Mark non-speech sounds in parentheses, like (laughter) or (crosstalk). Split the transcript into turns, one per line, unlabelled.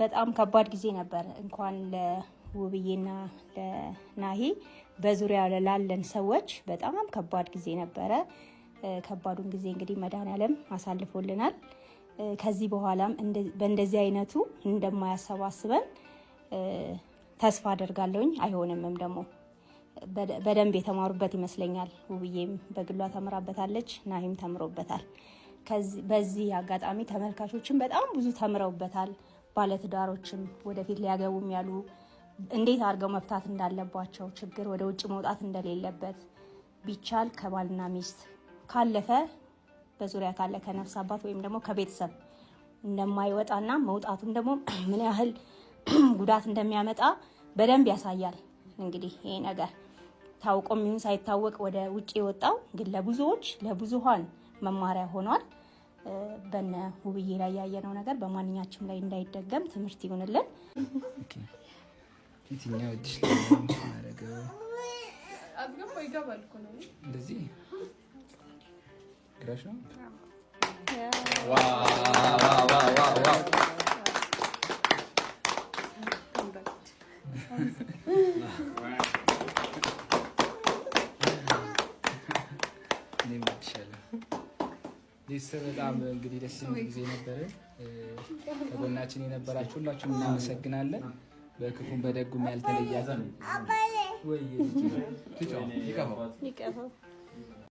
በጣም ከባድ ጊዜ ነበር። እንኳን ለውብዬና ለናሂ በዙሪያ ላለን ሰዎች በጣም ከባድ ጊዜ ነበረ። ከባዱን ጊዜ እንግዲህ መድኃኔዓለም አሳልፎልናል። ከዚህ በኋላም በእንደዚህ አይነቱ እንደማያሰባስበን ተስፋ አደርጋለሁኝ። አይሆንምም ደግሞ በደንብ የተማሩበት ይመስለኛል። ውብዬም በግሏ ተምራበታለች፣ ናሂም ተምሮበታል። በዚህ አጋጣሚ ተመልካቾችን በጣም ብዙ ተምረውበታል። ባለትዳሮችም ወደፊት ሊያገቡም ያሉ እንዴት አድርገው መፍታት እንዳለባቸው ችግር ወደ ውጭ መውጣት እንደሌለበት ቢቻል ከባልና ሚስት ካለፈ በዙሪያ ካለ ከነፍስ አባት ወይም ደግሞ ከቤተሰብ እንደማይወጣና መውጣቱም ደግሞ (clears throat) ምን ያህል (clears throat) ጉዳት እንደሚያመጣ በደንብ ያሳያል። እንግዲህ ይሄ ነገር ታውቆ ይሁን ሳይታወቅ ወደ ውጭ የወጣው ግን ለብዙዎች ለብዙሃን መማሪያ ሆኗል። በነ ውብዬ ላይ ያየነው ነገር በማንኛችም ላይ እንዳይደገም ትምህርት ይሆንልን።
እኔም አድሻለሁ ይህ በጣም እንግዲህ ደስ የሚል ጊዜ ነበረ። ከጎናችን የነበራችሁ ሁላችሁም እናመሰግናለን። በክፉም በደጉም ያልተለያዘ ነው።